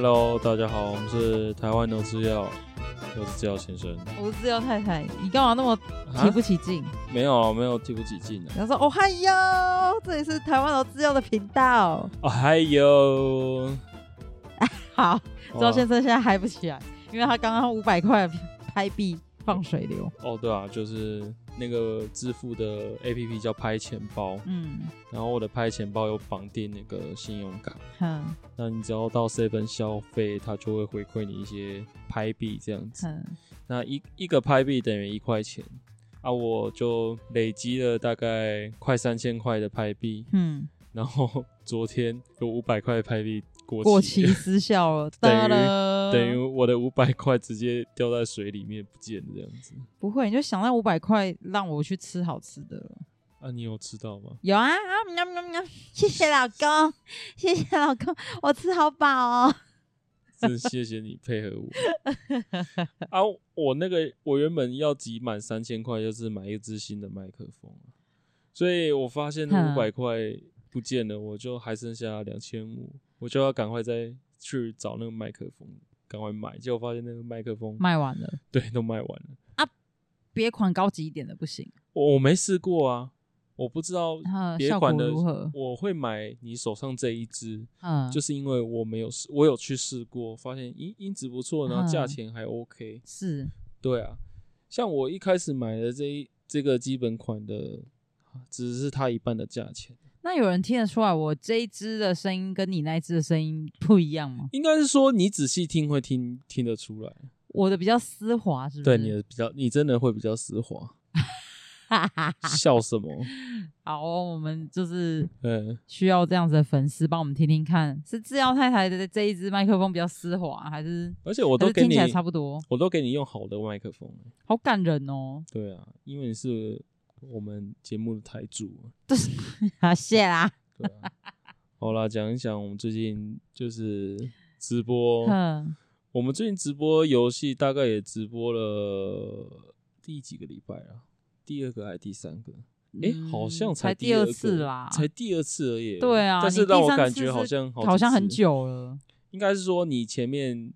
Hello，大家好，我們是台灣的制藥，我是制藥先生，我是制藥太太，你幹嘛那麼提不起勁？沒有啊，沒有提不起勁的、啊。他說：“哦嗨喲，這裡是台灣的制藥的頻道。Oh ”哦嗨喲，好，制藥先生現在嗨不起來，oh 啊、因為他剛剛五百塊拍幣放水流。哦、oh, 對啊，就是。那個支付的 APP 叫拍錢包，嗯，然後我的拍錢包有綁定那個信用卡，那你只要到 Seven 消費，它就會回饋你一些拍幣這樣子，嗯，那一一個拍幣等於一塊錢，啊，我就累積了大概快三千塊的拍幣，嗯，然後昨天有五百塊拍幣。過期,過期失效了， 等於等於我的五百塊直接掉在水裡面不見，這樣子不會？你就想那五百塊讓我去吃好吃的了啊？你有吃到嗎？有啊啊！喵,喵喵喵！謝謝老公，謝謝老公， 我吃好飽哦！真謝謝你配合我 啊！我那個我原本要集滿三千塊，就是買一支新的麥克風，所以我發現那五百塊不見了，我就還剩下兩千五。我就要趕快再去找那個麥克風，趕快買。結果發現那個麥克風賣完了，對，都賣完了。啊，別款高級一點的不行，我我沒試過啊，我不知道別款的如何。我會買你手上這一支，嗯，就是因為我沒有試，我有去試過，發現音音質不錯，然後價錢還 OK，嗯，是，對啊。像我一開始買的這一這個基本款的，只是它一半的價錢。那有人聽得出來，我這一支的聲音跟你那支的聲音不一樣嗎？應該是說你仔細聽會聽聽得出來，我的比較絲滑，是不是？對，你的比較，你真的會比較絲滑。哈哈！笑什麼？好哦，我們就是需要這樣子的粉絲幫我們聽聽看，是製藥太太的這一支麥克風比較絲滑，還是？而且我都給你聽起來差不多，我都給你用好的麥克風，好感人哦。對啊，因為你是。我們節目的台柱，對啊，謝啦！好啦，講一講我們最近就是直播。我們最近直播遊戲大概也直播了第幾個禮拜啊？第二個還是第三個？哎、嗯欸，好像才第，才第二次啦，才第二次而已。對啊，但是讓我感覺好像好，好像很久了。應該是說你前面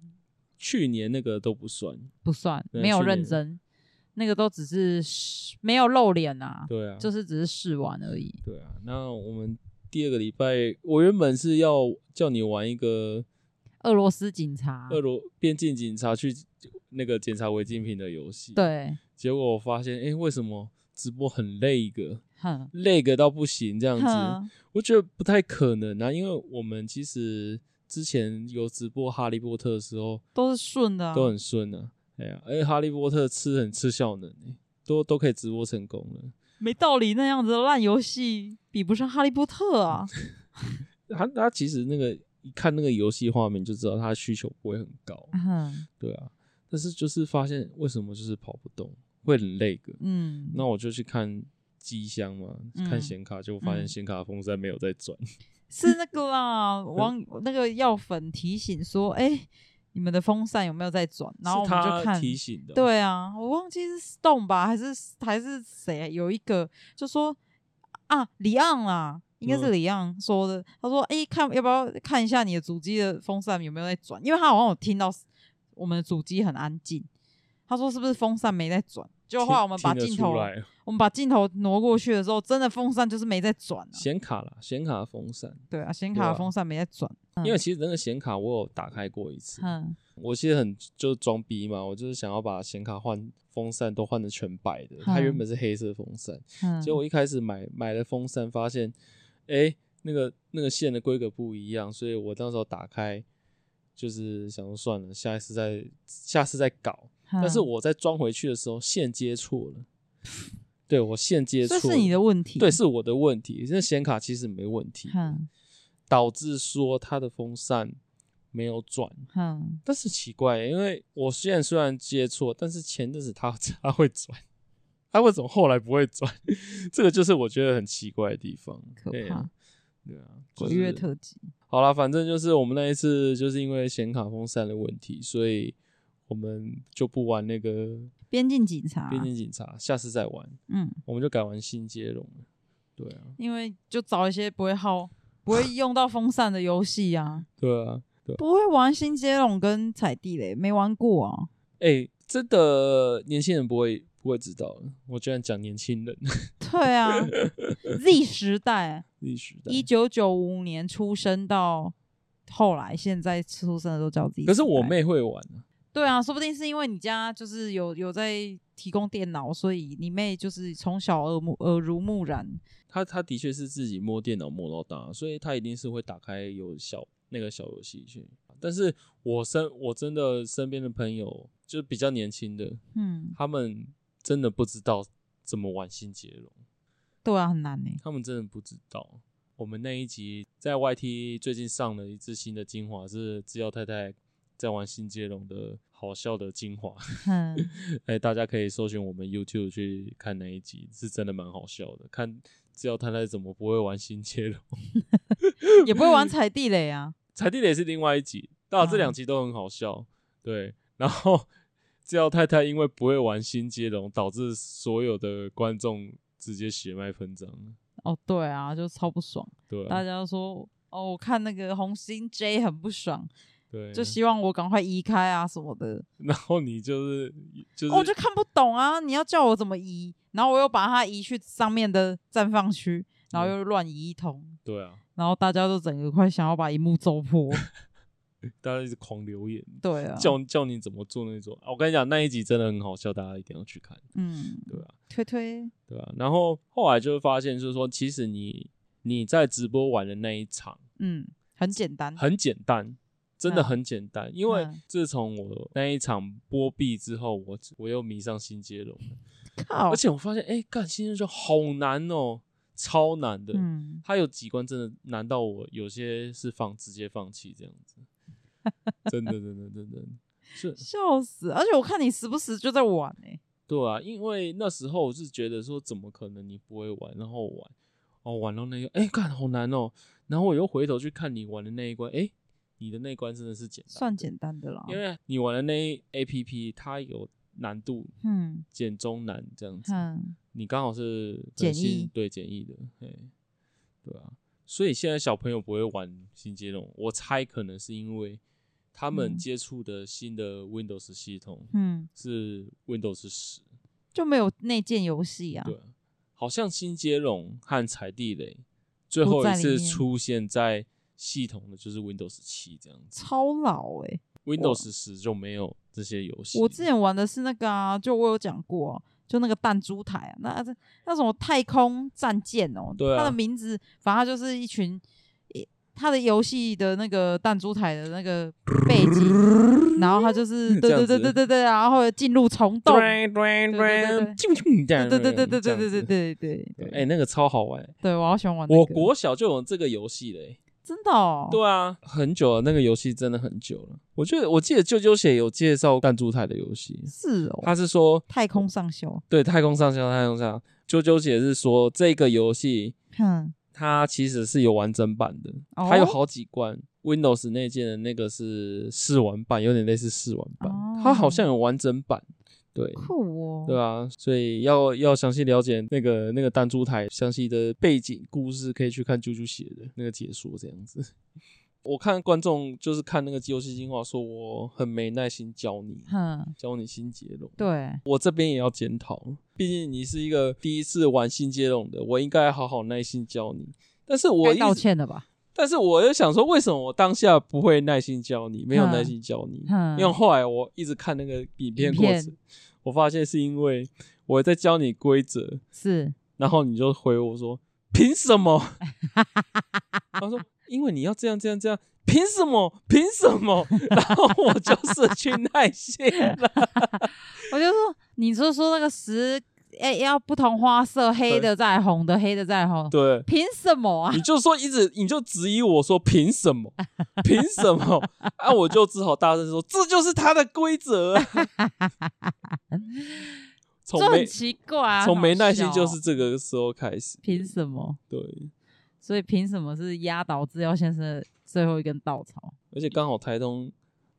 去年那個都不算，不算，沒有認真。那個都只是沒有露臉吶、啊，對啊，就是只是試玩而已。對啊，那我們第二個禮拜，我原本是要叫你玩一個俄羅斯警察，俄羅邊境警察去那個檢查違禁品的遊戲。對，結果我發現，哎、欸，為什麼直播很 lag，lag 到不行這樣子？我覺得不太可能啊，因為我們其實之前有直播哈利波特的時候，都是順的，啊，都很順的，啊。哎呀，哎，《哈利波特》吃很吃效能，都都可以直播成功了，沒道理，那樣子爛遊戲比不上《哈利波特》啊！ 他他其實那個一看那個遊戲畫面就知道，他的需求不會很高。嗯，對啊。但是就是發現為什麼就是跑不動，會很累嗯。那我就去看機箱嘛，嗯、看顯卡，就發現顯卡風扇沒有在轉。嗯、 是那個啦，嗯、王那個藥粉提醒說，哎、欸。你們的風扇有沒有在轉？然後我們就看，是他提醒的，對啊，我忘記是 Stone 吧，還是還是誰、啊？有一個就說啊，李昂啊，應該是李昂說的。他說，哎、欸，看要不要看一下你的主機的風扇有沒有在轉？因為他好像有聽到我們的主機很安靜。他說，是不是風扇沒在轉？就話我們把鏡頭，我們把鏡頭挪過去的時候，真的風扇就是沒在轉、啊。顯卡啦，顯卡風扇。對啊，顯卡風扇沒在轉、啊嗯。因為其實那個顯卡我有打開過一次。嗯。我其實很就裝逼嘛，我就是想要把顯卡換風扇都換的全白的、嗯。它原本是黑色風扇。嗯。結果我一開始買買了風扇，發現，哎、嗯欸，那個那個線的規格不一樣，所以我到時候打開，就是想說算了，下一次再下次再搞。但是我在裝回去的時候線接錯了。對，對我線接錯了是你的問題、啊，對是我的問題。現在顯卡其實沒問題，導致說它的風扇沒有轉。但是奇怪，因為我現在雖然接錯，但是前陣子它它會轉，它為什麼後來不會轉？ 這個就是我覺得很奇怪的地方。可怕，啊對啊，職、就、業、是、特好了，反正就是我們那一次就是因為顯卡風扇的問題，所以。我們就不玩那個邊境警察，邊境警察，下次再玩。嗯，我們就改玩新接龍。對啊，因為就找一些不會耗、不會用到風扇的遊戲啊，啊。對啊，對啊。不會玩新接龍跟踩地雷，沒玩過啊、哦。哎、欸，真的年輕人不會不會知道的。我居然講年輕人。對啊，Z 時代，Z 時代，一九九五年出生到後來現在出生的都叫 Z。可是我妹會玩。對啊，說不定是因為你家就是有有在提供電腦，所以你妹就是從小耳目耳濡目染。他她，她的確是自己摸電腦摸到大，所以他一定是會打開有小那個小遊戲去。但是，我身我真的身邊的朋友就比較年輕的，嗯，他們真的不知道怎麼玩新接龍。對啊，很難呢、欸，他們真的不知道。我們那一集在 YT 最近上了一支新的精華，是製藥太太。在玩新接龍的好笑的精華，哎、欸，大家可以搜尋我們 YouTube 去看那一集，是真的蠻好笑的。看製藥太太怎麼不會玩新接龍，也不會玩踩地雷啊！踩地雷是另外一集，大這兩集都很好笑。啊、對，然後製藥太太因為不會玩新接龍，導致所有的觀眾直接血脈噴張。哦，對啊，就超不爽。對、啊，大家說哦，我看那個紅心 J 很不爽。對啊，就希望我趕快移開啊什麼的，然後你就是，就是、我、哦、就看不懂啊！你要叫我怎麼移，然後我又把它移去上面的綻放區，然後又亂移一通。對啊，然後大家都整個快想要把螢幕揍破， 大家一直狂留言，對啊，叫叫你怎麼做那種，啊！我跟你講那一集真的很好笑，大家一定要去看。嗯，對啊，推推，對啊，然後後來就會發現，就是說，其實你你在直播玩的那一場，嗯，很簡單，很簡單。真的很簡單，啊、因為自從我那一場波壁之後，我我又迷上新接龍，而且我發現哎幹新接龍好難哦、喔，超難的，嗯，它有幾關真的難到我有些是放直接放棄這樣子哈哈哈哈，真的真的真的，真的是，笑死！而且我看你時不時就在玩哎、欸，對啊，因為那時候我是覺得說，怎麼可能你不會玩，然後玩，哦玩到那個關哎幹好難哦、喔，然後我又回頭去看你玩的那一關哎。欸你的那關真的是簡單，算簡單的了，因為你玩的那 A P P 它有難度，嗯，簡中難這樣子，嗯，你剛好是簡新對簡易的嘿，對啊，所以現在小朋友不會玩新接龍，我猜可能是因為他們接觸的新的 Windows 系統，嗯，嗯，是 Windows 十就沒有內建遊戲啊，對啊，好像新接龍和踩地雷最後一次出現在、在。系統的就是 Windows 七這樣子，超老哎、欸！Windows 十就沒有這些遊戲。我之前玩的是那個啊，就我有講過、啊、就那個彈珠台啊，那那什麼太空戰艦哦、喔，對、啊，它的名字反正就是一群，它的遊戲的那個彈珠台的那個背景，嗯、然後它就是對對對對對對，然後進入蟲洞，對對對對對對對對對對對，哎、欸，那個超好玩，對，我好喜歡玩、那個。我國小就有這個遊戲嘞。真的哦，對啊，很久了，那個遊戲真的很久了。我記得，我記得啾啾姐有介紹彈珠台的遊戲，是，哦，她是說太空上校，喔，對，太空上校，太空上校，啾啾姐是說這個遊戲，哼，它其實是有完整版的，它有好幾關。哦，Windows 內建的那個是試玩版，有點類似試玩版，哦，它好像有完整版。對，酷哦，對啊，所以要要詳細了解那個那個彈珠台詳細的背景故事，可以去看啾啾寫的那個解說這樣子。 我看觀眾就是看那個《遊戲精華》，說我很沒耐心教你，嗯、教你新接龍。對，我這邊也要檢討，畢竟你是一個第一次玩新接龍的，我應該好好耐心教你。但是我，我該道歉了吧？但是我又想說，為什麼我當下不會耐心教你，沒有耐心教你？因為後來我一直看那個影片過程，我發現是因為我在教你規則，是，然後你就回我說，憑什麼？他 說，因為你要這樣這樣這樣，憑什麼？憑什麼？然後我就失去耐心了， 我就說，你就說那個十。哎、欸，要不同花色，黑的再紅的，對黑的再紅。對，憑什麼啊？你就說一直，你就質疑我說憑什麼？憑什麼？ 啊，我就只好大聲說， 這就是他的規則，啊。 這很奇怪，啊，從沒耐心，就是這個時候開始。哦，憑什麼？對，所以憑什麼是壓倒製藥先生的最後一根稻草？而且剛好台東。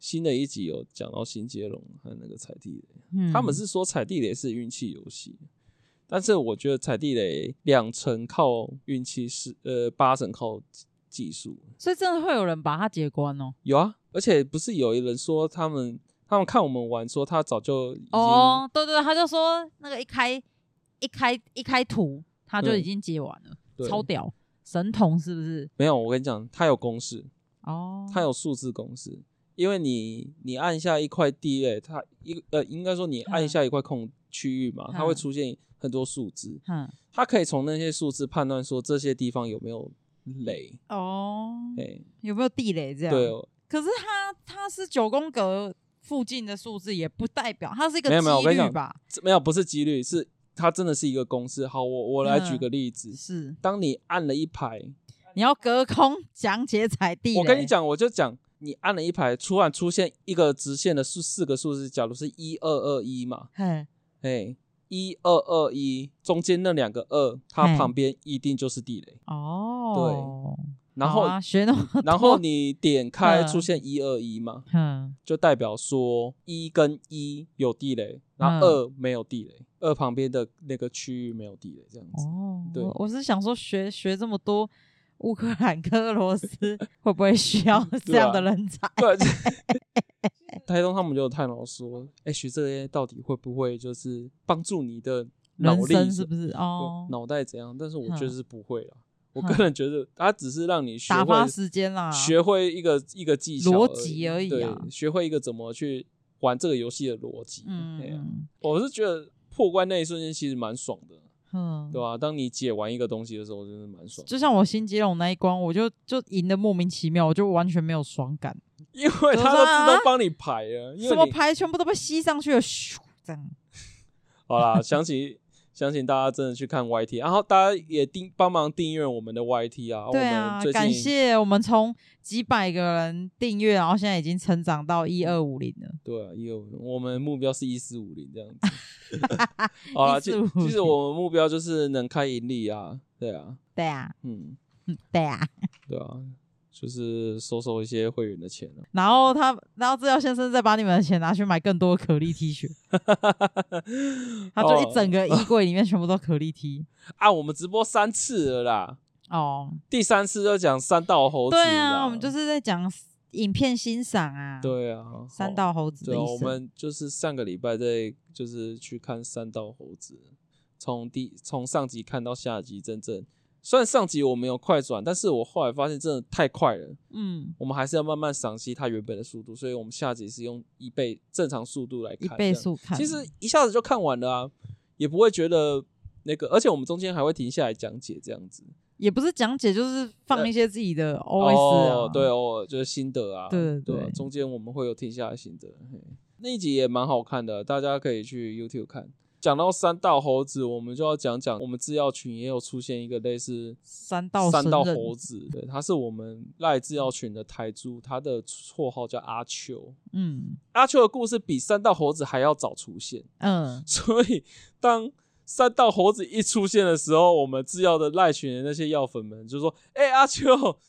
新的一集有講到新接龍和那個踩地雷、嗯，他們是說踩地雷是運氣遊戲，但是我覺得踩地雷兩成靠運氣是呃八成靠技術，所以真的會有人把它解關哦。有啊，而且不是有一人說他們他們看我們玩，說他早就已經哦。對，對對，他就說那個一開一開一開圖他就已經解完了，嗯、對，超屌神童是不是？沒有，我跟你講，他有公式哦，他有數字公式。因為你你按下一塊地雷，它一呃，應該說你按下一塊空區、嗯、域嘛，它會出現很多數字，嗯，它可以從那些數字判斷說這些地方有沒有雷哦，哎，有沒有地雷這樣？對哦。可是它它是九宮格附近的數字，也不代表它是一個幾率吧。沒有沒有，我跟你講，沒有，不是幾率，是它真的是一個公式。好，我我來舉個例子，嗯、是當你按了一排，你要隔空講解踩地雷。我跟你講，我就講。你按了一排，突然出現一個直線的數，四個數字，假如是一二二一嘛，嘿，一二二一，1, 2, 2, 1, 中間那兩個二，它旁邊一定就是地雷。哦，對，然後、啊、學那麼多然後你點開出現一二一嘛，就代表說一跟一有地雷，然後二沒有地雷，二、嗯、旁邊的那個區域沒有地雷，這樣子。哦，對，我是想說學學這麼多。烏克蘭跟俄羅斯會不會需要這樣的人才？ 對啊對啊、台東他們就有探討說，哎、欸，學這些到底會不會就是幫助你的腦力？是不是哦對？腦袋怎樣？但是我覺得是不會了、嗯。我個人覺得，它只是讓你打發時間啦，學會一個一個技巧而已，邏輯而已、啊。對，學會一個怎麼去玩這個遊戲的邏輯。嗯，對啊、我是覺得破關那一瞬間其實蠻爽的。嗯，對啊，當你解完一個東西的時候，真的蠻爽的。就像我新接龍那一關，我就就贏得莫名其妙，我就完全沒有爽感，因為他的字都幫你排了、啊，因為什麼牌全部都被吸上去了，咻，這樣。好啦， 想起。相信大家真的去看 YT，然後大家也訂幫忙訂閱我們的 YT 啊。對啊，我們最，感謝我們從幾百個人訂閱，然後現在已經成長到一二五零了。對啊，一二五零，我們目標是一四五零這樣子。哈哈哈哈哈。一四五零。其實我們目標就是能開盈利啊，對啊。對啊。嗯。對啊。 對啊。就是收收一些會員的錢、啊、然後他，然後製藥先生再把你們的錢拿去買更多的可麗 T 恤， 他就一整個衣櫃裡面全部都可麗 T、 哦。啊，我們直播三次了啦。哦。第三次就講山道猴子。對啊，我們就是在講影片欣賞啊。對啊，山道猴子。對、啊、我們就是上個禮拜在就是去看山道猴子，從第從上集看到下集，真正。雖然上集我沒有快轉，但是我後來發現真的太快了。嗯，我們還是要慢慢賞析它原本的速度，所以我們下集是用一倍正常速度來看。一倍速看，其實一下子就看完了啊，也不會覺得那個。而且我們中間還會停下來講解，這樣子也不是講解，就是放一些自己的 OS 啊，對哦，就是心得啊。對對對，對啊、中間我們會有停下來心得。嘿。那一集也蠻好看的，大家可以去 YouTube 看。講到三道猴子，我們就要講講我們製藥群也有出現一個類似三道三道猴子，對，他是我們賴製藥群的台柱，他的綽號叫阿秋，嗯，阿秋的故事比三道猴子還要早出現，嗯，所以當三道猴子一出現的時候，我們製藥的賴群的那些藥粉們就說：“哎、欸，阿秋，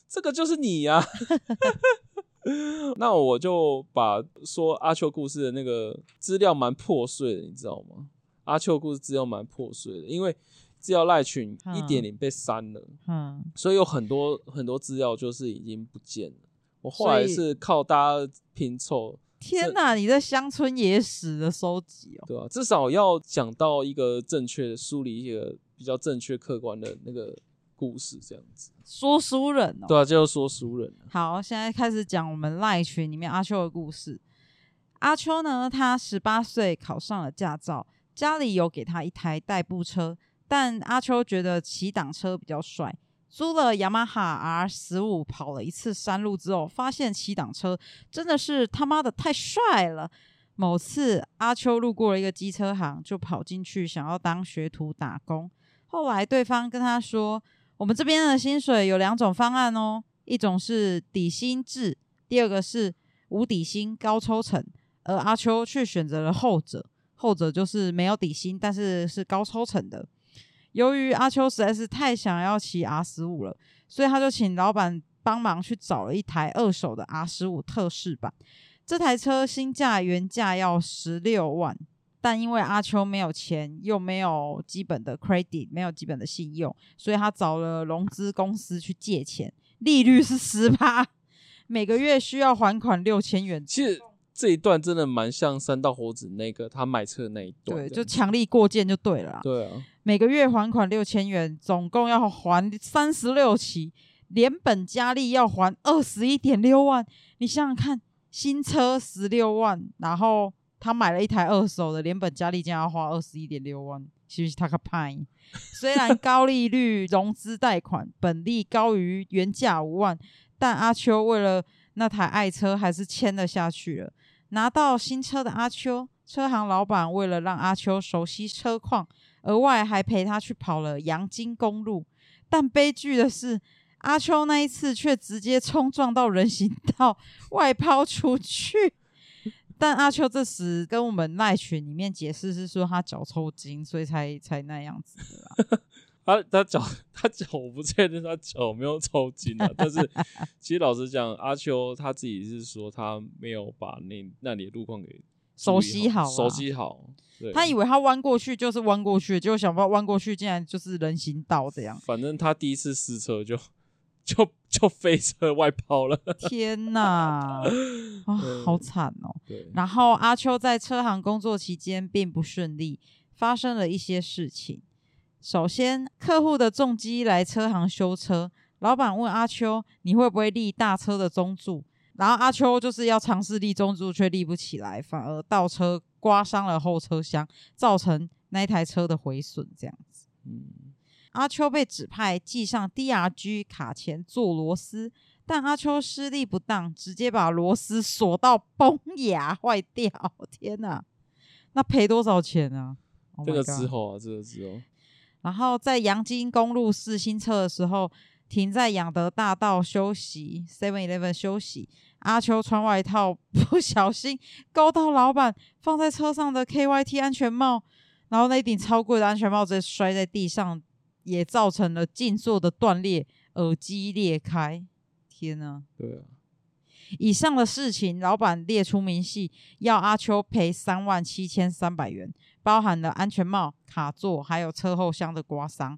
這個就是你呀、啊。 ” 那我就把說阿秋故事的那個資料蠻破碎的，你知道嗎？阿秋的故事資料蠻破碎的，因為這條賴群一點點被刪了，嗯，所以有很多很多資料就是已經不見了。我後來是靠大家拼湊。天哪！你在鄉村野史的收集哦。對啊，至少要講到一個正確的，梳理一個比較正確客觀的那個故事，這樣子。說書人哦。對啊，就是說書人。好，現在開始講我們賴群裡面阿秋的故事。阿秋呢，他十八歲考上了駕照。家裡有給他一台代步車，但阿秋覺得騎檔車比較帥。租了雅馬哈 R 十五跑了一次山路之後，發現騎檔車真的是他媽的太帥了。某次阿秋路過了一個機車行，就跑進去想要當學徒打工。後來對方跟他說：“我們這邊的薪水有兩種方案哦，一種是底薪制，第二個是無底薪高抽成。”而阿秋卻選擇了後者。後者就是沒有底薪，但是是高抽成的。由於阿秋實在是太想要騎 R 十五了，所以他就請老板幫忙去找了一台二手的 R 十五特仕版。這台車新價原價要十六萬，但因為阿秋沒有錢，又沒有基本的 credit，沒有基本的信用，所以他找了融資公司去借錢，利率是十八，每個月需要還款六千元。這一段真的蠻像山道猴子那個他買車的那一段，對，就強力過肩就對了。對啊，每個月還款六千元，總共要還三十六期，連本加利要還二十一點六萬。你想想看，新車十六萬，然後他買了一台二手的，連本加利竟然要花二十一點六萬，其實他個拍？ 雖然高利率融資貸款本利高於原價五萬，但阿秋為了那台愛車還是簽了下去了。拿到新車的阿秋，車行老板為了讓阿秋熟悉車況，額外還陪他去跑了陽金公路。但悲劇的是，阿秋那一次卻直接衝撞到人行道，外拋出去。但阿秋這時跟我們賴群裡面解釋是說，他腳抽筋，所以才才那樣子的啦。 他他腳他腳，我不確定他腳沒有抽筋啊， 但是其實老實講，阿秋他自己是說他沒有把那那裡的路況給熟悉好，熟悉好啊，好，對。他以為他彎過去就是彎過去，結果想不到彎過去，竟然就是人行道這樣。反正他第一次試車就就就，就飛車外拋了。天哪，啊， 哦，對，好慘哦，對。然後阿秋在車行工作期間並不順利，發生了一些事情。首先，客戶的重機來車行修車，老闆問阿秋：“你會不會立大車的中柱？”然後阿秋就是要嘗試立中柱，卻立不起來，反而倒車刮傷了後車廂，造成那台車的毀損。這樣子，嗯，阿秋被指派繫上 DRG 卡鉗做螺絲，但阿秋施力不當，直接把螺絲鎖到崩牙壞掉。天哪、啊，那賠多少錢啊？Oh、這個時候啊，這個時候。然後在陽金公路試新車的時候，停在仰德大道休息，Seven Eleven 休息。阿秋穿外套不小心勾到老闆放在車上的 KYT 安全帽，然後那頂超貴的安全帽直接摔在地上，也造成了靜坐的斷裂，耳機裂開。天吶、啊！對啊。以上的事情，老闆列出明細，要阿秋賠三萬七千三百元。包含了安全帽、卡座，還有車後箱的刮傷。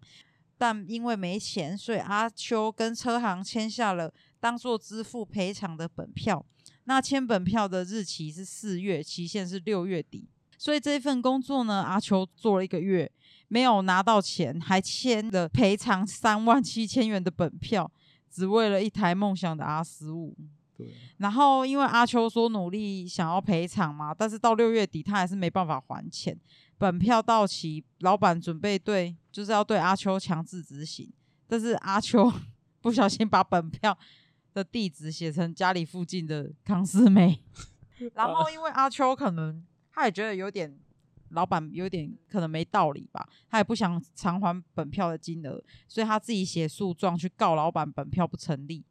但因為沒錢，所以阿秋跟車行簽下了當做支付賠償的本票。那簽本票的日期是四月，期限是六月底。所以這份工作呢，阿秋做了一個月，沒有拿到錢，還簽了賠償三萬七千元的本票，只為了一台夢想的 R15。對，然後因為阿秋說努力想要賠償嘛，但是到六月底他還是沒辦法還錢，本票到期，老闆準備對就是要對阿秋強制執行，但是阿秋不小心把本票的地址寫成家裡附近的康是美， 然後因為阿秋可能他也覺得有點老闆有點可能沒道理吧，他也不想償還本票的金額，所以他自己寫訴狀去告老闆本票不成立。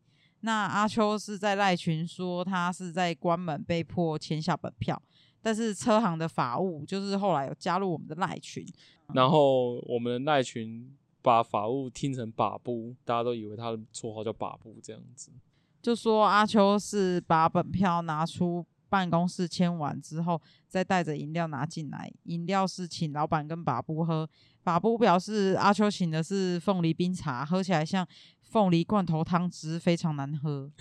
那阿秋是在賴群說他是在關門被迫簽下本票，但是車行的法務就是後來有加入我們的賴群，然後我們的賴群把法務聽成把部，大家都以為他的綽號叫把部。這樣子。就說阿秋是把本票拿出辦公室簽完之後，再帶着飲料拿進來，飲料是請老板跟把部喝，把部表示阿秋請的是鳳梨冰茶，喝起來像。鳳梨罐頭湯汁非常難喝，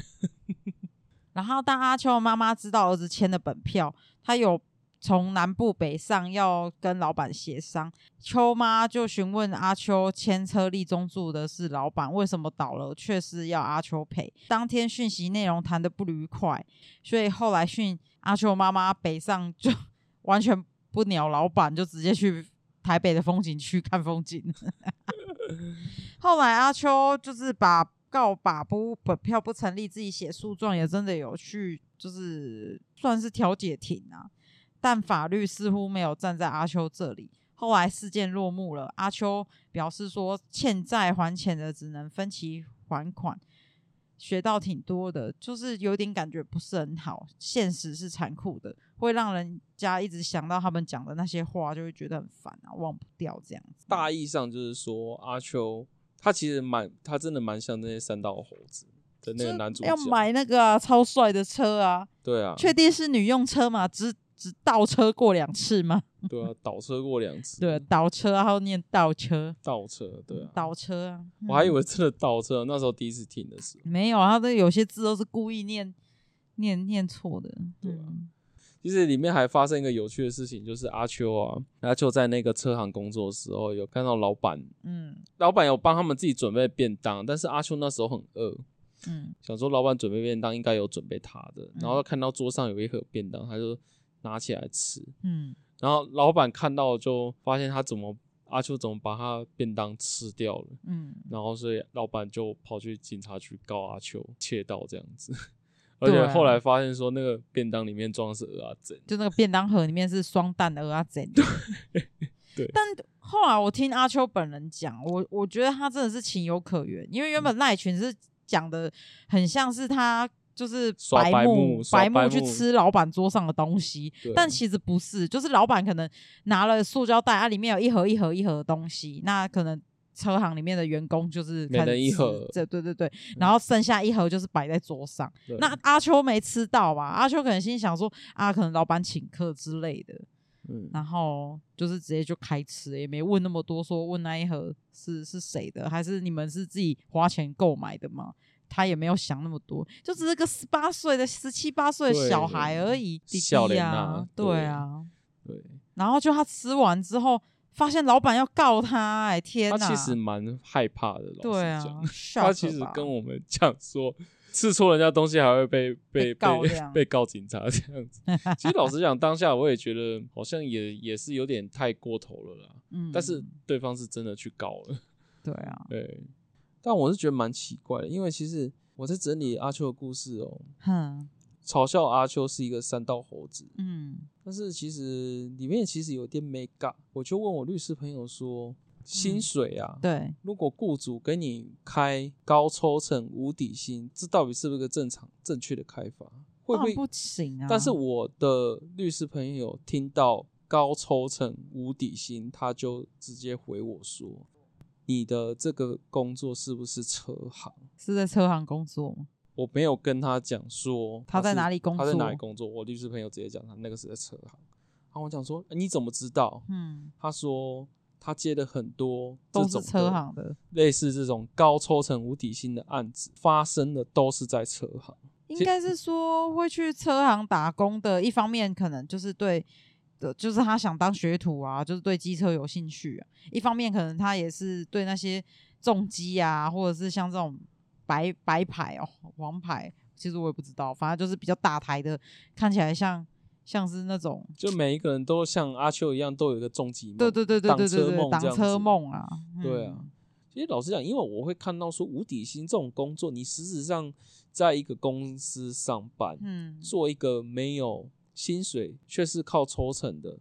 然後當阿秋媽媽知道兒子簽了本票，他有從南部北上要跟老闆協商，秋媽就詢問阿秋簽車立中住的是老闆，為什麼倒了卻是要阿秋賠。當天訊息內容談得不愉快，所以後來訊阿秋媽媽北上就完全不鳥老闆，就直接去台北的風景區看風景。後來阿秋就是把告把不本票不成立，自己寫訴狀也真的有去，就是算是調解庭啊，但法律似乎沒有站在阿秋這裡。後來事件落幕了，阿秋表示說欠債還錢的只能分期還款。學到挺多的，就是有點感覺不是很好。現實是殘酷的，會讓人家一直想到他們講的那些話，就會覺得很煩啊，忘不掉這樣子。大意上就是說，阿秋他其實蠻，他真的蠻像那些山道猴子的那個男主角，就是、要買那個啊，超帥的車啊，對啊，確定是女用車嘛？只。倒車過兩次嗎？對啊，倒車過兩次。 對，倒車，然後念倒車。倒車，對啊。倒車啊、嗯！我還以為真的倒車。那時候第一次聽的時候，沒有啊，他都有些字都是故意念、念、念錯的，對啊、對啊、其實裡面還發生一個有趣的事情，就是阿秋啊，阿秋在那個車行工作的時候，有看到老闆，嗯，老闆有幫他們自己準備便當，但是阿秋那時候很餓，嗯，想說老闆準備便當應該有準備他的，然後看到桌上有一盒便當，他就。拿起來吃，嗯，然後老板看到就發現他怎麼阿秋怎麼把他便當吃掉了，嗯，然後所以老板就跑去警察局告阿秋竊盜這樣子、啊，而且後來發現說那個便當裡面裝的是蚵仔，就那個便當盒裡面是雙蛋的蚵仔，對， 對。但後來我聽阿秋本人講，我我覺得他真的是情有可原，因為原本賴群是講得很像是他。就是白目白目去吃老闆桌上的東西，但其實不是，就是老闆可能拿了塑膠袋，它、啊、裡面有一盒一盒一盒的東西，那可能車行裡面的員工就是每人一盒，這對，對對對，然後剩下一盒就是擺在桌上，嗯、那阿秋沒吃到嘛？阿秋可能心想說啊，可能老闆請客之類的、嗯，然後就是直接就開吃，也沒問那麼多說，說問那一盒是是誰的，還是你們是自己花錢購買的嗎？他也沒有想那麼多，就只是個十八歲、的十七八歲的小孩而已，弟弟啊，啊對啊對，對。然後就他吃完之後，發現老闆要告他，欸，哎天吶，他其實蠻害怕的。老實講，對啊， 他其實跟我們講說，吃錯人家東西還會被被、被告 被告警察這樣子。其實老實講， 當下我也覺得好像也也是有點太過頭了啦。嗯，但是對方是真的去告了。對啊，對。但我是覺得蠻奇怪的，因為其實我在整理阿秋的故事哦、喔，哼，嘲笑阿秋是一個山道猴子，嗯，但是其實裡面其實有點沒尬。我就問我律師朋友說，薪水啊，嗯、對，如果雇主給你開高抽成無底薪，這到底是不是個正常正確的開法？會不會不行啊？但是我的律師朋友聽到高抽成無底薪，他就直接回我說。你的這個工作是不是車行？是在車行工作？我沒有跟他講說他，他在哪裡工作？他在哪裡工作？我律師朋友直接講他那個是在車行。然後我想說，欸，你怎麼知道？嗯，他說他接的很多這種的都是車行的，類似這種高抽成無底薪的案子發生的都是在車行。應該是說會去車行打工的，一方面可能就是對。的就是他想當學徒啊，就是對機車有興趣、啊。一方面可能他也是對那些重機啊，或者是像這種白白牌哦、黃牌，其實我也不知道。反正就是比較大台的，看起來像像是那種，就每一個人都像阿秋一樣，都有一個重機對對對對對對擋車夢這樣子。擋車夢啊、嗯，對啊。其實老實講，因為我會看到說無底薪這種工作，你實質上在一個公司上班，嗯，做一個沒有。薪水卻是靠抽成的，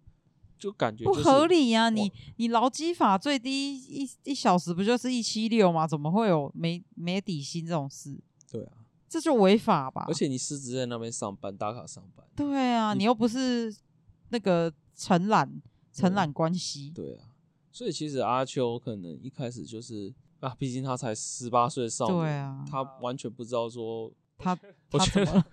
就感覺、就是、不合理呀、啊！你你勞基法最低一一,一小時不就是一七六嗎？怎麼會有沒沒底薪這種事？對啊，這就違法吧！而且你私自在那邊上班打卡上班，對啊，你，你又不是那個承攬承攬關係，對啊，所以其實阿秋可能一開始就是啊，畢竟他才十八歲上。對啊，他完全不知道說他他怎麼。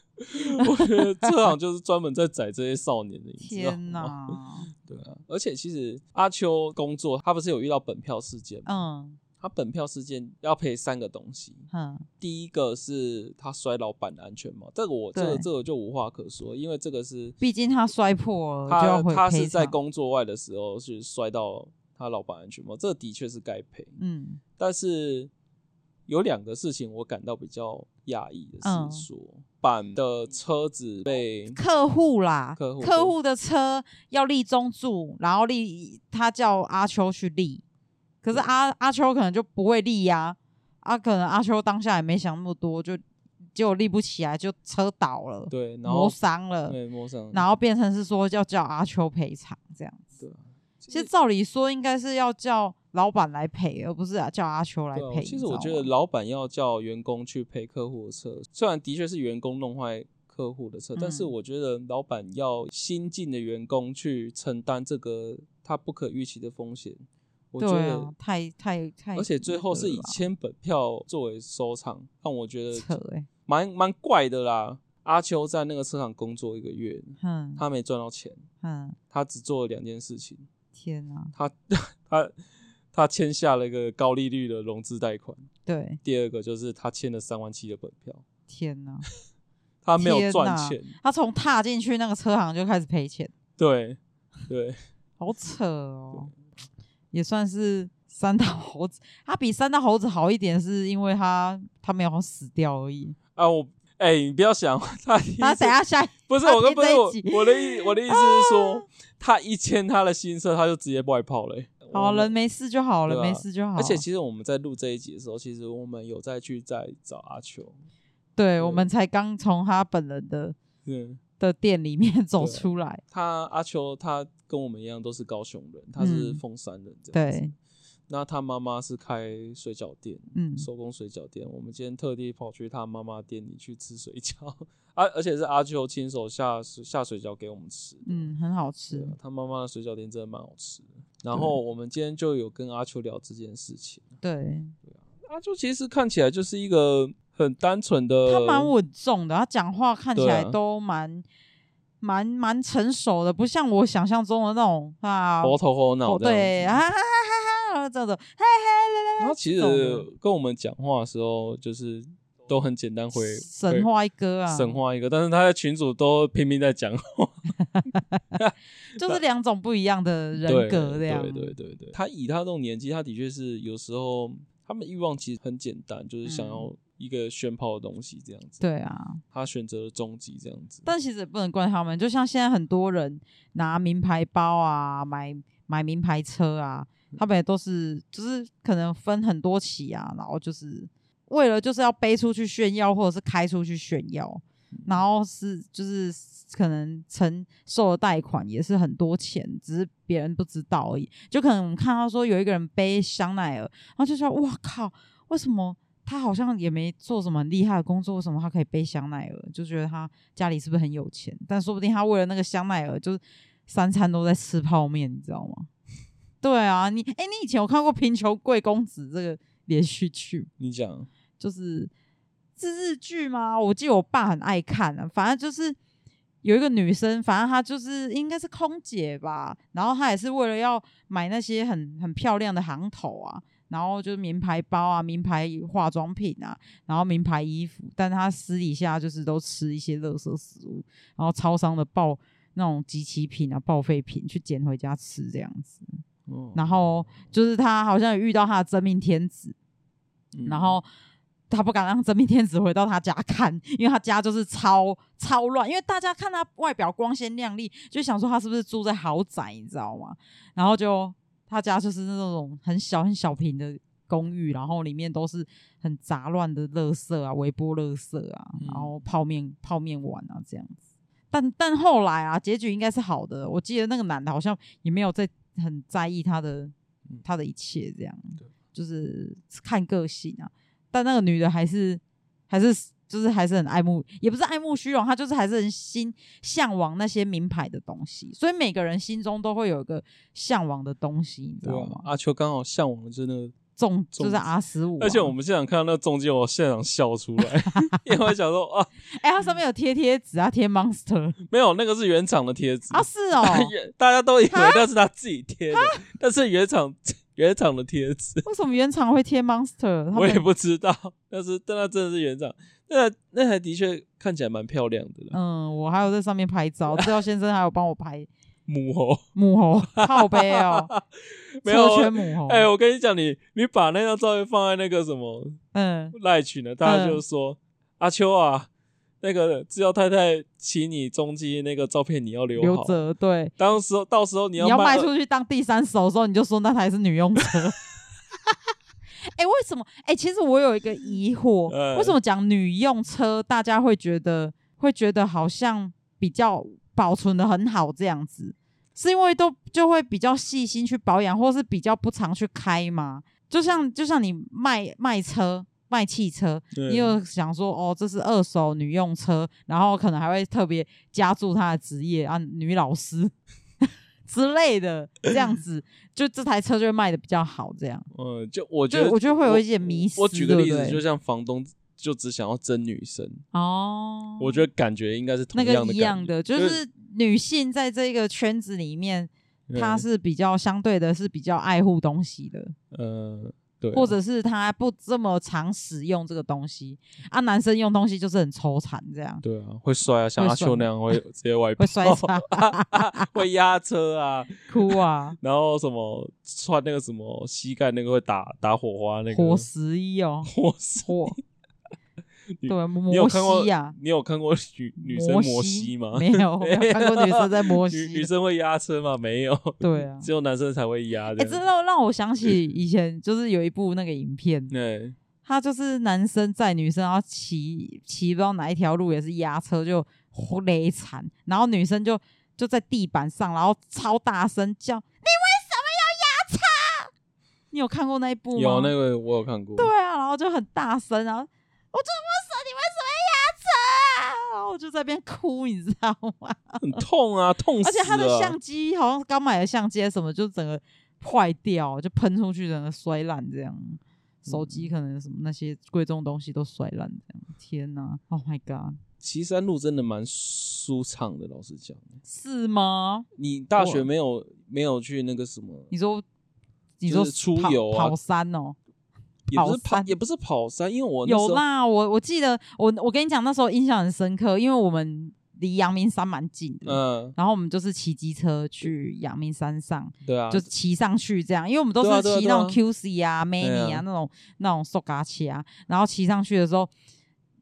我覺得這樣就是專門在宰這些少年的。天哪！ 對啊，而且其實阿秋工作，他不是有遇到本票事件嗎？嗯，他本票事件要賠三個東西。嗯，第一個是他摔老闆的安全帽，這個我這個、這個就無話可說，因為這個是畢竟他摔破了他，他是在工作外的時候是摔到他老闆安全帽，這個、的確是該賠。嗯，但是有兩個事情我感到比較訝異的是說。嗯版的車子被客戶啦，客戶，客戶的車要立中柱，然後立，他叫阿秋去立，可是阿阿秋可能就不會立呀，啊，啊，可能阿秋當下也沒想那麼多，就就立不起來，就車倒了，對，然後磨傷了，對，磨傷，然後變成是說要叫阿秋賠償這樣子。對其實，其實照理說，應該是要叫老闆來賠，而不是啊叫阿秋來賠啊。其實我覺得老闆要叫員工去賠客戶的車，雖然的確是員工弄壞客戶的車，嗯，但是我覺得老闆要新進的員工去承擔這個他不可預期的風險，啊，我覺得太太太。而且最後是以簽本票作為收場，讓，扯欸，我覺得蠻蠻怪的啦。阿秋在那個車廠工作一個月，嗯，他沒賺到錢，嗯，他只做了兩件事情。天哪、啊，他他他簽下了一個高利率的融資貸款。對，第二個就是他簽了三萬七的本票。天哪、啊， 他沒有賺錢，啊、他從踏進去那個車行就開始賠錢。對對，好扯哦，也算是山道猴子。他比山道猴子好一點，是因為他他沒有死掉而已。啊，我。哎、欸，你不要想他。他等一下，下，不是我，不是我，我的意，我的意思是說，啊、他一牽他的新車，他就直接外跑了，欸。好，人沒事就好了，啊、人沒事就好。而且，其實我們在錄這一集的時候，其實我們有再去再找阿秋。對，我們才剛從他本人的對的店裡面走出來。他阿秋，他跟我們一樣都是高雄人，他是鳳山人，嗯，對。那他媽媽是開水餃店，店，嗯，手工水餃店。我們今天特地跑去他媽媽店裡去吃水餃，而、啊、而且是阿秋親手下水下水餃給我們吃，嗯，很好吃。啊、他媽媽的水餃店真的蠻好吃。然後我們今天就有跟阿秋聊這件事情。對，阿秋、啊啊、其實看起來就是一個很單純的，他蠻穩重的，他講話看起來都蠻蠻蠻成熟的，不像我想象中的那種啊活頭活腦。對、啊這樣的，他其實跟我們講話的時候，就是都很簡單會，會神話一個啊，神話一個。但是他的群組，都拼命在講話， 就是兩種不一樣的人格這樣。 對，對，對對對對，他以他這種年紀，他的確是有時候他們欲望其實很簡單，就是想要一個炫炮的東西這樣、嗯、的這樣子。對啊，他選擇了終極這樣子。但其實也不能怪他們，就像現在很多人拿名牌包啊，買買名牌車啊。他本來都是，就是可能分很多期啊，然後就是為了就是要背出去炫耀，或者是開出去炫耀，然後是就是可能承受的貸款也是很多錢，只是別人不知道而已。就可能我們看到說有一個人背香奈兒，然後就說哇靠，為什麼他好像也沒做什麼厲害的工作，為什麼他可以背香奈兒？就覺得他家裡是不是很有錢？但說不定他為了那個香奈兒，就三餐都在吃泡麵，你知道嗎？對啊，你哎、欸，你以前有看過《貧窮貴公子》這個連續劇？你講就是是日劇嗎？我記得我爸很愛看，啊，反正就是有一個女生，反正她就是應該是空姐吧，然後她也是為了要買那些很很漂亮的行頭啊，然後就是名牌包啊、名牌化妝品啊，然後名牌衣服，但她私底下就是都吃一些垃圾食物，然後超商的報那種即期品啊、報廢品去撿回家吃這樣子。然後就是他好像有遇到他的真命天子，嗯、然後他不敢讓真命天子回到他家看，因為他家就是超超亂。因為大家看他外表光鮮亮麗，就想說他是不是住在豪宅，你知道嗎？然後就他家就是那種很小很小坪的公寓，然後裡面都是很雜亂的垃圾啊，微波垃圾啊，然後泡麵泡麵碗啊這樣子。但但後來啊，結局應該是好的。我記得那個男的好像也沒有在，很在意他的，他的一切這樣，嗯，對，就是看個性啊。但那個女的還是，還是，就是還是很愛慕，也不是愛慕虛榮，她就是還是心嚮往那些名牌的東西。所以每個人心中都會有一個嚮往的東西。對啊，你知道嗎？阿秋剛好嚮往的是那個。重就是 R 十五，而且我們現場看到那個重機，我現場笑出來， 因為我想說啊，哎、欸，它上面有貼貼紙啊，貼 monster，沒有，那個是原廠的貼紙啊，是哦，大家都以為那是他自己貼的，但是原廠原廠的貼紙，為什麼原廠會貼 monster？我也不知道，但是但它真的是原廠，那那台的確看起來蠻漂亮的的。嗯，我還有在上面拍照，製 藥先生還有幫我拍。母猴， 母猴，靠北哦、喔， 沒有全母猴。哎、欸，我跟你講，你你把那張照片放在那個什麼，嗯賴群的，大家就說、嗯、阿秋啊，那個製藥太太，騎你重機那個照片你要留好。留着對，當時候到時候你要賣你要賣出去當第三手的時候，你就說那台是女用車。哎、 欸，為什麼？哎、欸，其實我有一個疑惑、嗯，為什麼講女用車，大家會覺得會覺得好像比較保存的很好這樣子？是因為都就會比較細心去保養，或是比較不常去開嘛。就像就像你賣賣車賣汽車，你又想說哦，這是二手女用車，然後可能還會特別加注她的職業啊，女老師 之類的，這樣子就這台車就會賣得比較好。這樣，嗯、呃，就我覺得就我覺得會有一點迷思。我舉個例子，對對就像房東。就只想要真女生哦，我覺得感覺應該是同樣的，那個、一樣的，就是女性在這個圈子裡面，她是比較相對的，是比較愛護東西的。嗯、呃，對、啊，或者是她不這麼常使用這個東西啊，男生用東西就是很抽纏這樣。對啊，會摔啊，像阿秋那樣會，會直接外摔，會壓 車啊，哭啊， 然後什麼穿那個什麼膝蓋那個會打打火花那個火石一哦，火石火。 對，摸西呀、啊，你有看過女女生摸西嗎西？沒有，我沒有看過女生在摸西 女，女生會壓車嗎？沒有，對啊，只有男生才會壓的、欸。真的讓我想起以前就是有一部那個影片，對，他就是男生載女生，然後騎騎不知到哪一條路也是壓車就勒慘，然後女生就就在地板上，然後超大聲叫：“你為什麼要壓車？” 你有看過那一部嗎？有，那個我有看過，對啊，然後就很大聲，然後。我怎麼死？你為什麼壓車？我就在那邊哭，你知道嗎？很痛啊，痛死！而且他的相機好像剛買的相機什麼，就整個壞掉，就噴出去，整個摔爛這樣。嗯、手機可能什麼那些貴重東西都摔爛這樣。天哪、啊！Oh my god！騎山路真的蠻舒暢的，老實講。是嗎？你大學沒有、oh. 沒有去那個什麼？你說你說、就是、出遊、啊、跑山哦、喔？也不是跑，跑也不是跑山，因為我有啦。我我記得我我跟你講那時候印象很深刻，因為我們離陽明山蠻近的，嗯，然後我們就是騎機車去陽明山上，對啊，就騎上去這樣，因為我們都是騎那種 QC 啊、Mini 啊、啊、啊、啊那種那種速嘎騎啊，然後騎上去的時候，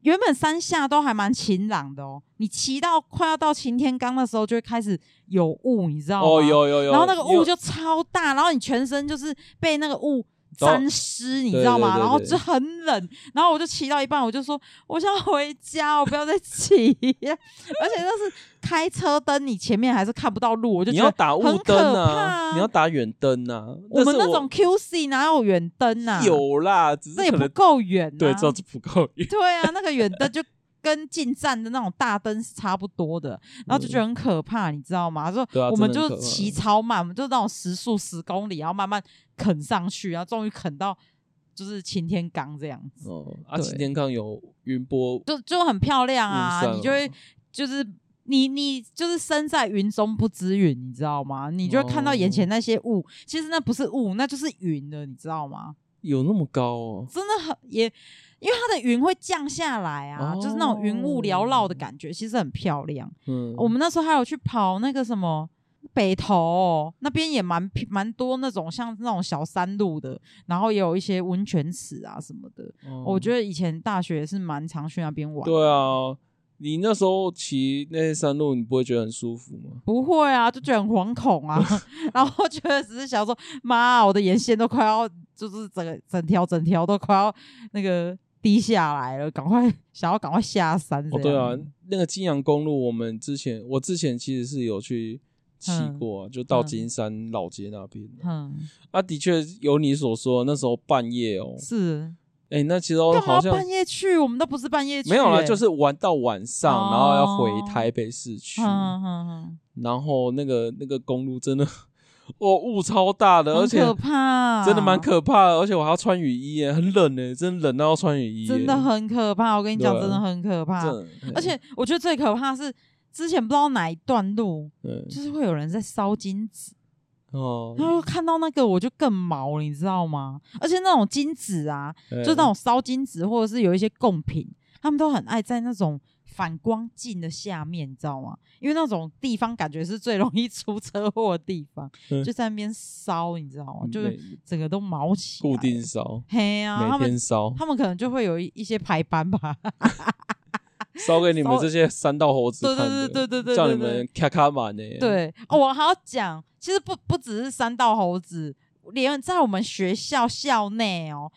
原本山下都還蠻晴朗的哦、喔，你騎到快要到擎天崗的時候，就會開始有霧，你知道嗎？哦、有、有有有，然後那個霧就超大，然後你全身就是被那個霧。三濕，你知道嗎？對對對對，然後就很冷，然後我就騎到一半，我就說我想回家，我不要再騎。 而且那是開車燈，你前面還是看不到路，我就覺得很可怕。你要打霧燈啊，你要打遠燈啊，啊。我們那種 QC 哪有遠燈啊？有啦，只是這也不夠遠啊，對，這樣子不夠遠。對啊，那個遠燈就。 跟近站的那種大燈是差不多的，然後就覺得很可怕，嗯、你知道嗎？說、啊、我們就騎超慢，我們就那種時速十公里，然後慢慢啃上去，然後終於啃到就是擎天崗這樣子、哦。啊，擎天崗有雲波，就就很漂亮啊！你就會就是你你就是身在雲中不知雲，你知道嗎？你就會看到眼前那些霧、哦，其實那不是霧，那就是雲了，你知道嗎？有那麼高、啊，真的很也。因為它的雲會降下來啊、哦，就是那種雲霧繚繞的感覺、哦，其實很漂亮。嗯，我們那時候還有去跑那個什麼北投、哦、那邊，也蠻蠻多那種像那種小山路的，然後也有一些溫泉池啊什麼的。哦、我覺得以前大學也是蠻常去那邊玩。對啊，你那時候騎那些山路，你不會覺得很舒服嗎？不會啊，就覺得很惶恐啊， 然後我覺得只是想說，媽、啊，我的眼線都快要，就是整個整條整條都快要那個。低下來了，趕快想要趕快下山。Oh, 對啊，那個金陽公路，我們之前我之前其實是有去騎過、啊嗯，就到金山老街那邊。嗯，啊，的確有你所說的，那時候半夜哦。是，哎、欸，那其實我好像半夜去，我們都不是半夜去、欸。沒有了、啊，就是玩到晚上、哦，然後要回台北市區。嗯，嗯，嗯，嗯，然後那個那個公路真的。我、哦、霧超大的，而且很可怕、啊，真的蠻可怕的。而且我還要穿雨衣，很冷哎，真的冷到要穿雨衣，真的很可怕。我跟你講、啊，真的很可怕、嗯。而且我覺得最可怕的是，之前不知道哪一段路，嗯、就是會有人在燒金紙哦。然、嗯、後看到那個，我就更毛了，你知道嗎？而且那種金紙啊、嗯，就是那種燒金紙，或者是有一些貢品，他們都很愛在那種。反光鏡的下面，你知道嗎？因為那種地方感覺是最容易出車禍的地方，嗯、就在那邊燒，你知道嗎？就是整個都毛起，固定燒，嘿呀、啊，每天燒，他們可能就會有一些排班吧，燒 給你們這些山道猴子，對對對對對對，叫你們咔咔滿呢，對，哦，我還要講，其實不不只是山道猴子，連在我們學校校內哦、喔，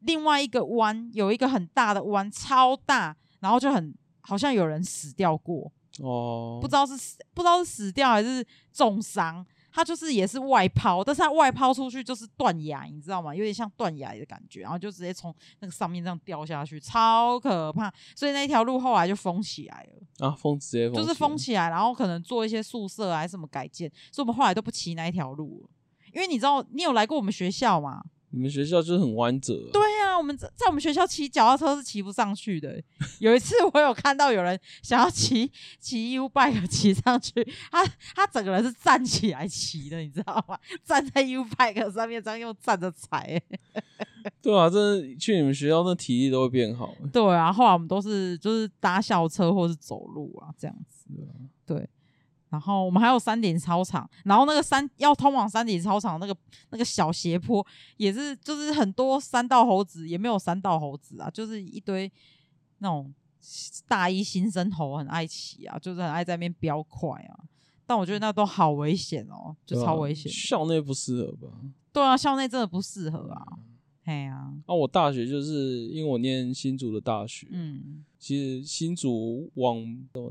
另外一個彎有一個很大的彎，超大，然後就很。好像有人死掉過，哦，不知道是死不知道是死掉還是重傷，他就是也是外拋，但是他外拋出去就是斷崖，你知道嗎？有點像斷崖的感覺，然後就直接從那個上面這樣掉下去，超可怕。所以那條路後來就封起來了，啊，封直接封就是封起來，然後可能做一些宿舍啊還是什麼改建，所以我們後來都不騎那一條路了。因為你知道，你有來過我們學校嗎？你們學校就很彎折啊。對呀、啊，我們在我們學校騎腳踏車是騎不上去的欸。有一次我有看到有人想要騎騎 U bike 騎上去，他他整個人是站起來騎的，你知道嗎？站在 U bike 上面這樣又站着踩欸。對啊，這去你們學校那體力都會變好欸。對啊，後來我們都是就是搭校車或是走路啊，這樣子。對。然後我們還有山頂操場，然後那個山要通往山頂操場那個那個小斜坡，也是就是很多山道猴子，也沒有山道猴子啊，就是一堆那種大一新生猴很愛騎啊，就是很愛在那邊飆快啊，但我覺得那都好危險哦，就超危險，啊。校內不適合吧？對啊，校內真的不適合啊。哎、嗯、呀，那、啊啊、我大學就是因為我念新竹的大學，嗯，其實新竹往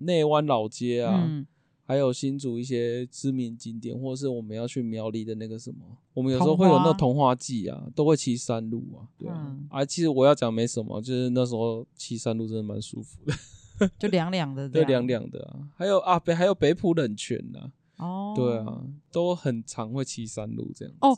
內灣老街啊，嗯還有新竹一些知名景點，或者是我們要去苗栗的那個什麼，我們有時候會有那桐花季啊，都會騎山路啊，對啊。嗯、啊其實我要講沒什麼，就是那時候騎山路真的蠻舒服的， 就兩兩的是是，對兩兩的啊。還有啊，北還有北埔冷泉吶、啊，哦，對啊，都很常會騎山路這樣。哦，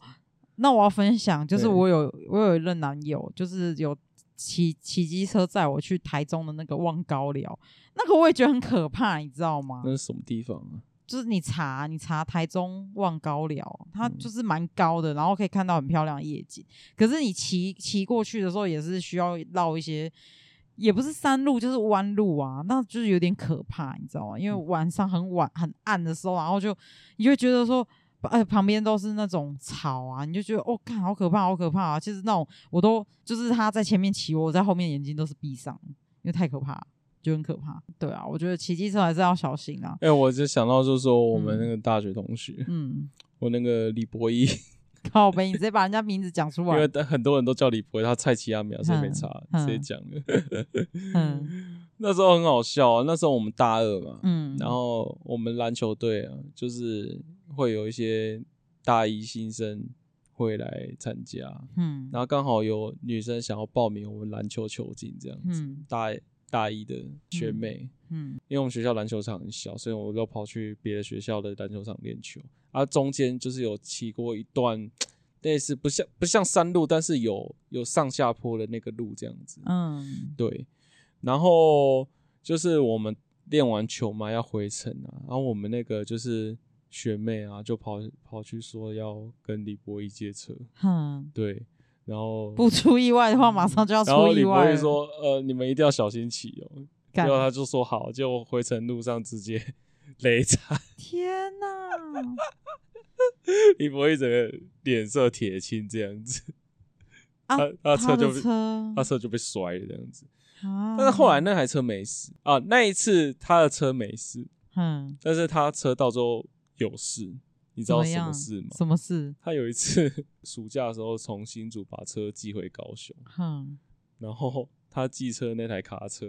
那我要分享，就是我有我有一任男友，就是有。騎騎機車載我去台中的那個望高寮，那個我也覺得很可怕，你知道嗎？那是什麼地方啊？就是你查，你查台中望高寮，它就是蠻高的，然後可以看到很漂亮的夜景。可是你騎騎過去的時候，也是需要繞一些，也不是山路就是彎路啊，那就是有點可怕，你知道嗎？因為晚上很晚很暗的時候，然後就你就會覺得說。呃、欸，旁邊都是那種草啊，你就覺得哦，看，好可怕，好可怕啊！其實那種我都就是他在前面騎我，我在後面眼睛都是閉上，因為太可怕，就很可怕。對啊，我覺得騎機車還是要小心啊。哎、欸，我就想到就是說我們那個大學同學，嗯，嗯，我那個李博一，靠北，你直接把人家名字講出來， 因為很多人都叫李博一，他菜奇阿名字也沒差，嗯嗯，直接講的。 嗯，那時候很好笑啊，那時候我們大二嘛，嗯，然後我們籃球隊啊，就是。會有一些大一新生會來參加、嗯，然後剛好有女生想要報名我們籃球球進這樣子，嗯、大大一的學妹、嗯嗯，因為我們學校籃球場很小，所以我就跑去別的學校的籃球場練球。而、啊、中間就是有騎過一段類似不像不像山路，但是有有上下坡的那個路這樣子，嗯、對。然後就是我們練完球嘛，要回程啊，然、啊、後我們那個就是。學妹啊，就跑跑去說要跟李博一借車，嗯，對，然後不出意外的話，馬上就要出意外。然後李博一說：“呃，你們一定要小心騎哦。”然後他就說：“好，就回程路上直接雷殘。”天哪！ 李博一整個臉色鐵青，這樣子，啊、他他車就被他車，他車就被摔了，這樣子。啊！但是後來那台車沒事啊，那一次他的車沒事，嗯，但是他車到之後。有事，你知道什麼事嗎？麼什麼事？他有一次暑假的時候從新竹把車寄回高雄、嗯，然後他寄車那台卡車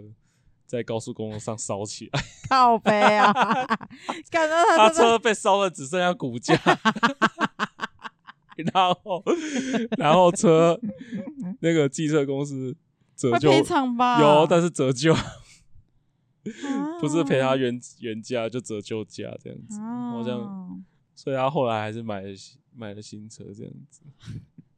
在高速公路上燒起來，靠北啊 感他！他車被燒得只剩下骨架， 然後然後車 那個寄車公司折舊有，但是折舊。 不是賠他原、huh? 原價，原就折舊價這樣子，huh? 好像，所以他後來還是買了買了新車這樣子。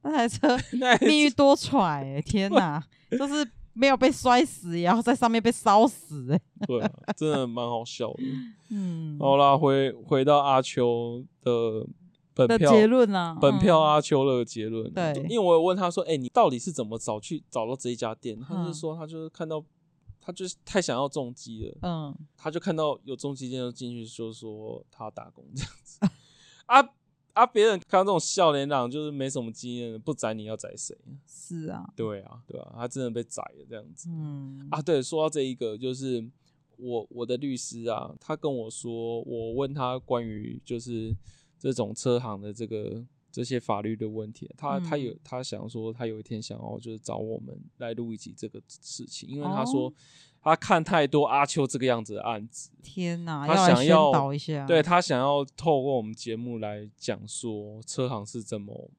那台車， 那台車命運多舛， 天哪，就是沒有被摔死，然後在上面被燒死，哎，對、啊，真的蠻好笑的。嗯， 好啦，回回到阿秋的本票的結論啊、嗯，本票阿秋的結論。對，因為我有問他說，哎、欸，你到底是怎麼找去找到這一家店？嗯、他是說，他就是看到。他就是太想要重機了，嗯，他就看到有重機店就進去說說他打工這樣子，啊啊！別、啊、人看到這種笑臉黨就是沒什麼經驗，不宰你要宰誰？是啊，對啊，對啊，他真的被宰了這樣子，嗯啊，對。說到這一個，就是我我的律師啊，他跟我說，我問他關於就是這種車行的這個。這些法律的問題，他他有他想說，他有一天想要就是找我們來錄一集這個事情，因為他說、哦、他看太多阿秋這個樣子的案子，天哪，他想要，要對他想要透過我們節目來講說，車行是怎麼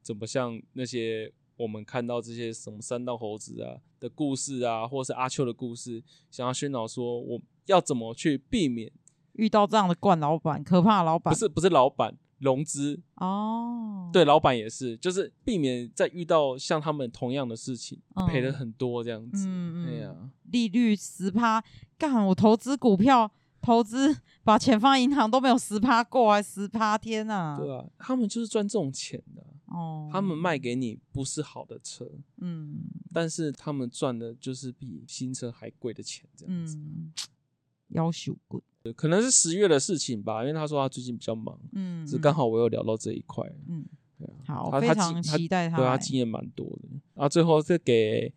怎麼像那些我們看到這些什麼山道猴子啊的故事啊，或是阿秋的故事，想要宣導，說我要怎麼去避免遇到這樣的慣老板，可怕的老板，不是不是老板，融資哦，對，老闆也是，就是避免再遇到像他們同樣的事情，賠、嗯、了很多這樣子。嗯嗯、哎。利率十趴，幹我投資股票、投資把錢放銀行都沒有十趴過，還十趴天吶、啊！對啊，他們就是賺這種錢的、啊。哦。他們賣給你不是好的車，嗯，但是他們賺的就是比新車還貴的錢，這樣子。夭壽鬼。可能是十月的事情吧，因為他說他最近比較忙，嗯，嗯，只是剛好我有聊到這一塊，嗯、啊，好，他非常期待他、欸，對，他，他，他經驗蠻多的。啊最後再給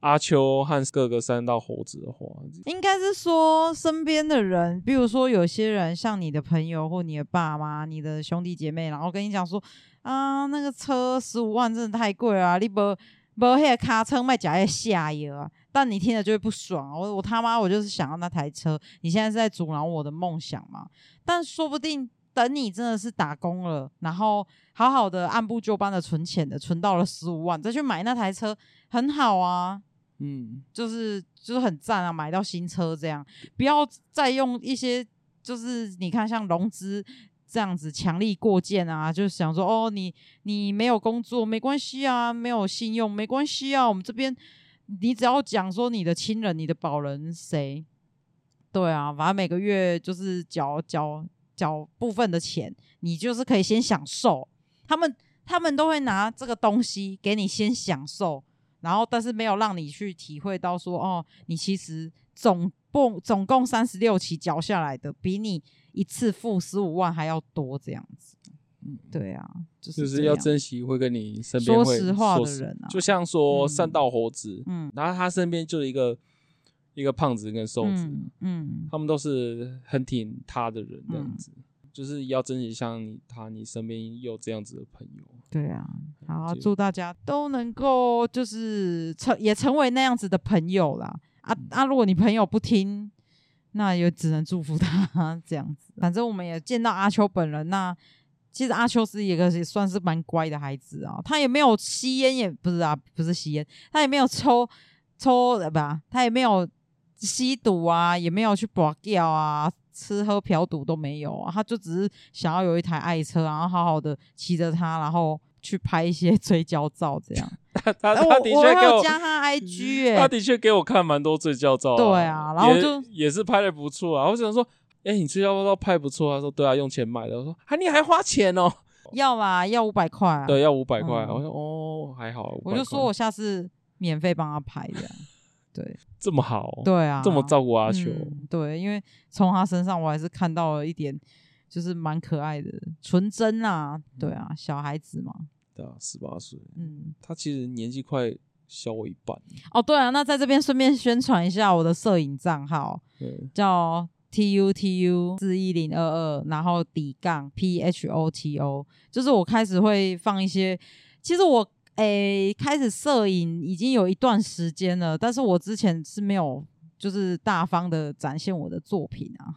阿秋和哥哥山道猴子的話，應該是說身邊的人，比如說有些人像你的朋友或你的爸媽、你的兄弟姐妹，然後跟你講說，啊，那個車十五萬真的太貴了、啊，你不不喝車衝假的下啊但你聽了就會不爽，我我他媽我就是想要那台車，你現在是在阻撓我的夢想嗎？但說不定等你真的是打工了，然後好好的按部就班的存錢的，存到了十五萬再去買那台車，很好啊，嗯，就是就是很讚啊，買到新車這樣，不要再用一些就是你看像融資這樣子強力過件啊，就是想說哦，你你沒有工作沒關係啊，沒有信用沒關係啊，我們這邊。你只要講說你的親人、你的保人誰，對啊，反正每個月就是繳繳繳部分的錢，你就是可以先享受。他們他們都會拿這個東西給你先享受，然後但是沒有讓你去體會到說哦，你其實總共總共三十六期繳下來的，比你一次付十五萬還要多這樣子，嗯，對啊。就是、就是要珍惜會跟你身邊說實話的人啊，就像說山道猴子，嗯，然後他身邊就是一個一個胖子跟瘦子嗯，嗯，他們都是很挺他的人這樣子。嗯、就是要珍惜像你他你身邊有這樣子的朋友，對啊，好，祝大家都能夠就是成也成為那樣子的朋友啦。啊、嗯、啊，如果你朋友不聽，那也只能祝福他這樣子。反正我們也見到阿秋本人那。其實阿秋是一個也算是蠻乖的孩子啊，他也沒有吸菸，也不是啊，不是吸菸，他也沒有抽抽對吧、啊，他也沒有吸毒啊，也沒有去 b r 啊，吃喝嫖賭都沒有啊，他就只是想要有一台愛車，然後好好的騎着它，然後去拍一些追焦照，這樣。他他,他的確給我加他 IG 他的確給我看蠻多追焦照,、啊嗯的追焦照啊，對啊，然後就也,也是拍得不錯啊，我只能說。哎、欸，你這要不要拍不錯啊？他說對啊，用錢買的。我說，哎、啊，你還花錢哦、喔？要啦，要五百塊。對，要五百塊。我說哦，還好。我就說我下次免費幫他拍這樣。對， 這麼好。對啊，這麼照顧阿秋、啊嗯。對，因為從他身上我還是看到了一點，就是蠻可愛的、純真啊。對啊、嗯，小孩子嘛。對啊，十八歲。嗯，他其實年紀快小我一半。哦，對啊，那在這邊順便宣傳一下我的攝影賬號，對，叫。t u t u 四一零二二，然後底槓 p h o t o，就是我開始會放一些。其實我誒、欸，開始攝影已經有一段時間了，但是我之前是沒有就是大方的展現我的作品啊，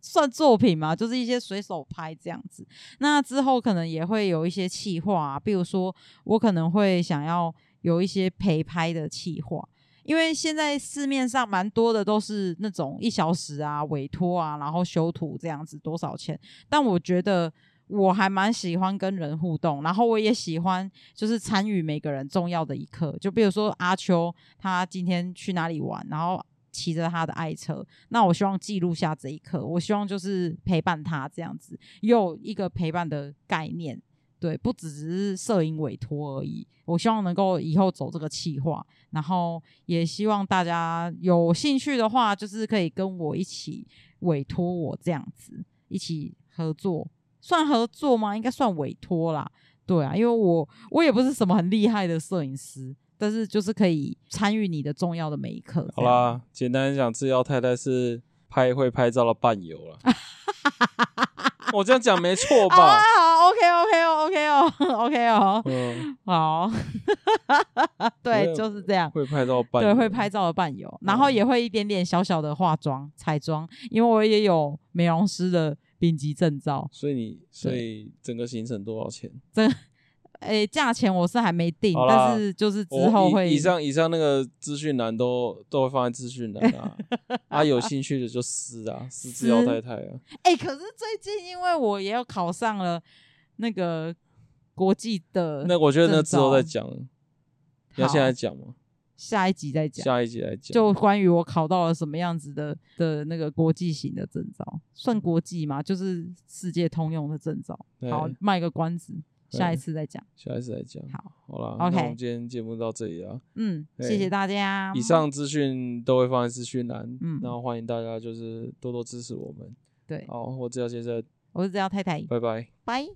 算作品嘛，就是一些隨手拍這樣子。那之後可能也會有一些企劃、啊，比如說我可能會想要有一些陪拍的企劃。因為現在市面上蠻多的都是那種一小時啊委託啊，然後修圖這樣子多少錢？但我覺得我還蠻喜歡跟人互動，然後我也喜歡就是參與每個人重要的一刻，就比如說阿秋他今天去哪裡玩，然後騎着他的愛車，那我希望記錄下這一刻，我希望就是陪伴他這樣子，又有一個陪伴的概念。對，不只是攝影委託而已。我希望能夠以後走這個企劃，然後也希望大家有興趣的話，就是可以跟我一起委託我這樣子一起合作，算合作嗎？應該算委託啦。對啊，因為我我也不是什麼很厲害的攝影師，但是就是可以參與你的重要的每一刻。好啦，簡單講，製藥太太是拍會拍照的伴遊啦。 我這樣講沒錯吧？ OK OK 哦 OK 哦 OK 哦，嗯，好， 對，就是這樣。會拍照伴，對，會拍照的伴遊，然後也會一點點小小的化妝、彩妝、嗯，因為我也有美容師的丙級證照。所以你，所以整個行程多少錢？這，誒、欸，價錢我是還沒定，但是就是之後會。以，以上以上那個資訊欄都都會放在資訊欄啊， 啊，有興趣的就私啊，私自要太太啊。哎、欸，可是最近因為我也有考上了。那個國際的，那我覺得那之後再講，你要現在講嗎？下一集再講，下一集再講。就關於我考到了什麼樣子的的那個國際型的證照，算國際嗎？就是世界通用的證照。好，賣個關子，下一次再講。下一次再講。好，好了，OK，今天節目就到這裡了。嗯、欸，謝謝大家。以上資訊都會放在資訊欄，嗯，然後歡迎大家就是多多支持我們。對，好，我是製藥先生，我是製藥太太。拜拜，拜。